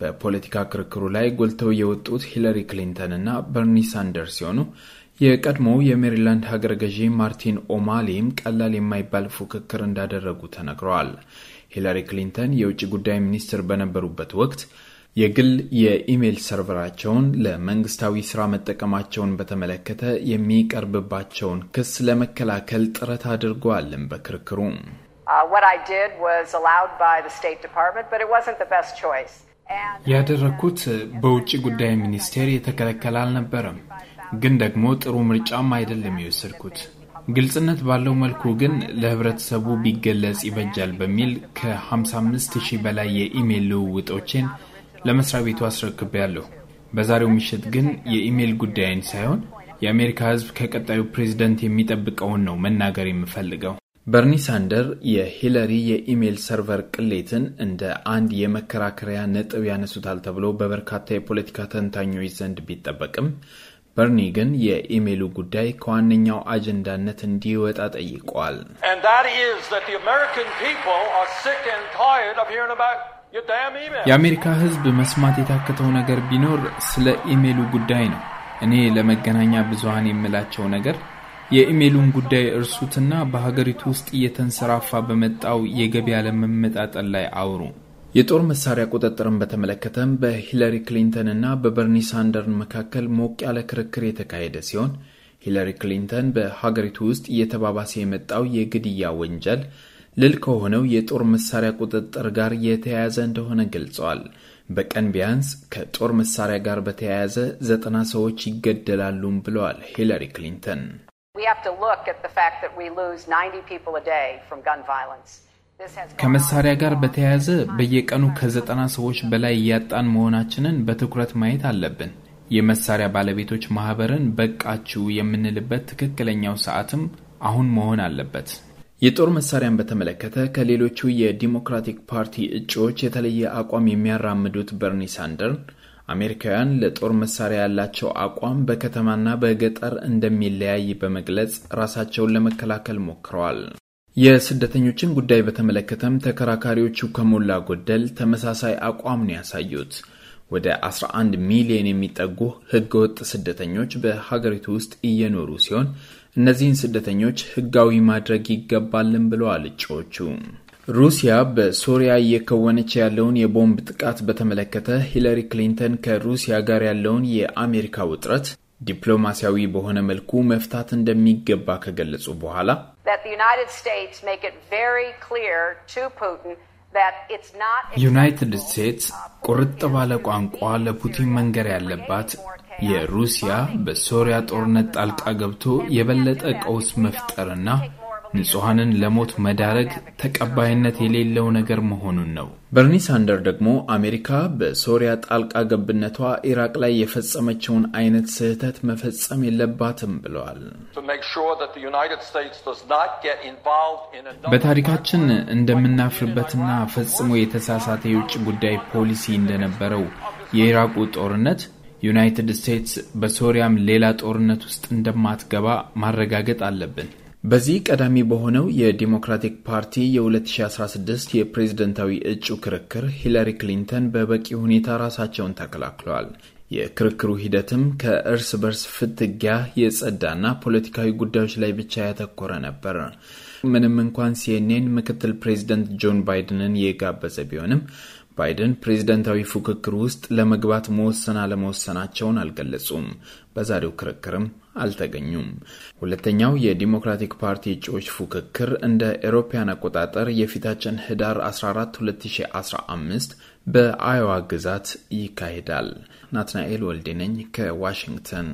በፖለቲካ ክርክሩ ላይ ጎልተው የወጡት ሂለሪ ክሊንተን እና በርኒ ሳንደርስ ሲሆኑ የቀድሞው የሜሪላንድ ሀገረ ገዢ ማርቲን ኦማሌም ቀላል የማይባል ፉክክር እንዳደረጉ ተነግረዋል። ሂለሪ ክሊንተን የውጭ ጉዳይ ሚኒስትር በነበሩበት ወቅት የግል የኢሜይል ሰርቨራቸውን ለመንግስታዊ ስራ መጠቀማቸውን በተመለከተ የሚቀርብባቸውን ክስ ለመከላከል ጥረት አድርገዋልን። በክርክሩ ያደረግኩት በውጭ ጉዳይ ሚኒስቴር የተከለከለ አልነበረም፣ ግን ደግሞ ጥሩ ምርጫም አይደለም የወሰድኩት። ግልጽነት ባለው መልኩ ግን ለህብረተሰቡ ቢገለጽ ይበጃል በሚል ከ55 ሺህ በላይ የኢሜይል ልውውጦችን ለመስሪያ ቤቱ አስረክቤያለሁ። በዛሬው ምሽት ግን የኢሜይል ጉዳይን ሳይሆን የአሜሪካ ህዝብ ከቀጣዩ ፕሬዚደንት የሚጠብቀውን ነው መናገር የምፈልገው። በርኒ ሳንደር የሂለሪ የኢሜይል ሰርቨር ቅሌትን እንደ አንድ የመከራከሪያ ነጥብ ያነሱታል ተብሎ በበርካታ የፖለቲካ ተንታኞች ዘንድ ቢጠበቅም በርኒ ግን የኢሜይሉ ጉዳይ ከዋነኛው አጀንዳነት እንዲወጣ ጠይቋል። የአሜሪካ ሕዝብ መስማት የታከተው ነገር ቢኖር ስለ ኢሜይሉ ጉዳይ ነው። እኔ ለመገናኛ ብዙሃን የምላቸው ነገር የኢሜይሉን ጉዳይ እርሱትና በሀገሪቱ ውስጥ እየተንሰራፋ በመጣው የገቢ አለመመጣጠን ላይ አውሩ። የጦር መሳሪያ ቁጥጥርን በተመለከተም በሂለሪ ክሊንተን እና በበርኒ ሳንደርን መካከል ሞቅ ያለ ክርክር የተካሄደ ሲሆን ሂለሪ ክሊንተን በሀገሪቱ ውስጥ እየተባባሰ የመጣው የግድያ ወንጀል ልል ከሆነው የጦር መሳሪያ ቁጥጥር ጋር የተያያዘ እንደሆነ ገልጸዋል። በቀን ቢያንስ ከጦር መሳሪያ ጋር በተያያዘ ዘጠና ሰዎች ይገደላሉም ብለዋል ሂለሪ ክሊንተን። look at the fact that we lose 90 people a day from gun violence. ከመሳሪያ ጋር በተያያዘ በየቀኑ ከዘጠና ሰዎች በላይ እያጣን መሆናችንን በትኩረት ማየት አለብን። የመሳሪያ ባለቤቶች ማህበርን በቃችሁ የምንልበት ትክክለኛው ሰዓትም አሁን መሆን አለበት። የጦር መሳሪያን በተመለከተ ከሌሎቹ የዲሞክራቲክ ፓርቲ እጩዎች የተለየ አቋም የሚያራምዱት በርኒ ሳንደር አሜሪካውያን ለጦር መሳሪያ ያላቸው አቋም በከተማና በገጠር እንደሚለያይ በመግለጽ ራሳቸውን ለመከላከል ሞክረዋል። የስደተኞችን ጉዳይ በተመለከተም ተከራካሪዎቹ ከሞላ ጎደል ተመሳሳይ አቋም ነው ያሳዩት። ወደ 11 ሚሊዮን የሚጠጉ ህገወጥ ስደተኞች በሀገሪቱ ውስጥ እየኖሩ ሲሆን እነዚህን ስደተኞች ህጋዊ ማድረግ ይገባልን ብለዋል እጩዎቹ። ሩሲያ በሶሪያ እየከወነች ያለውን የቦምብ ጥቃት በተመለከተ ሂለሪ ክሊንተን ከሩሲያ ጋር ያለውን የአሜሪካ ውጥረት ዲፕሎማሲያዊ በሆነ መልኩ መፍታት እንደሚገባ ከገለጹ በኋላ ዩናይትድ ስቴትስ ቁርጥ ባለ ቋንቋ ለፑቲን መንገር ያለባት የሩሲያ በሶሪያ ጦርነት ጣልቃ ገብቶ የበለጠ ቀውስ መፍጠርና ንጹሐንን ለሞት መዳረግ ተቀባይነት የሌለው ነገር መሆኑን ነው። በርኒ ሳንደር ደግሞ አሜሪካ በሶሪያ ጣልቃ ገብነቷ ኢራቅ ላይ የፈጸመችውን አይነት ስህተት መፈጸም የለባትም ብለዋል። በታሪካችን እንደምናፍርበትና ፈጽሞ የተሳሳተ የውጭ ጉዳይ ፖሊሲ እንደነበረው የኢራቁ ጦርነት ዩናይትድ ስቴትስ በሶሪያም ሌላ ጦርነት ውስጥ እንደማትገባ ማረጋገጥ አለብን። በዚህ ቀዳሚ በሆነው የዲሞክራቲክ ፓርቲ የ2016 የፕሬዝደንታዊ እጩ ክርክር ሂለሪ ክሊንተን በበቂ ሁኔታ ራሳቸውን ተከላክለዋል። የክርክሩ ሂደትም ከእርስ በርስ ፍትጊያ የጸዳና ፖለቲካዊ ጉዳዮች ላይ ብቻ ያተኮረ ነበር። ምንም እንኳን ሲኤንኤን ምክትል ፕሬዝደንት ጆን ባይደንን የጋበዘ ቢሆንም ባይደን ፕሬዝደንታዊ ፉክክር ውስጥ ለመግባት መወሰን አለመወሰናቸውን አልገለጹም። በዛሬው ክርክርም አልተገኙም። ሁለተኛው የዲሞክራቲክ ፓርቲ እጩዎች ፉክክር እንደ ኤሮፓያን አቆጣጠር የፊታችን ህዳር 14 2015 በአዮዋ ግዛት ይካሄዳል። ናትናኤል ወልዴነኝ ከዋሽንግተን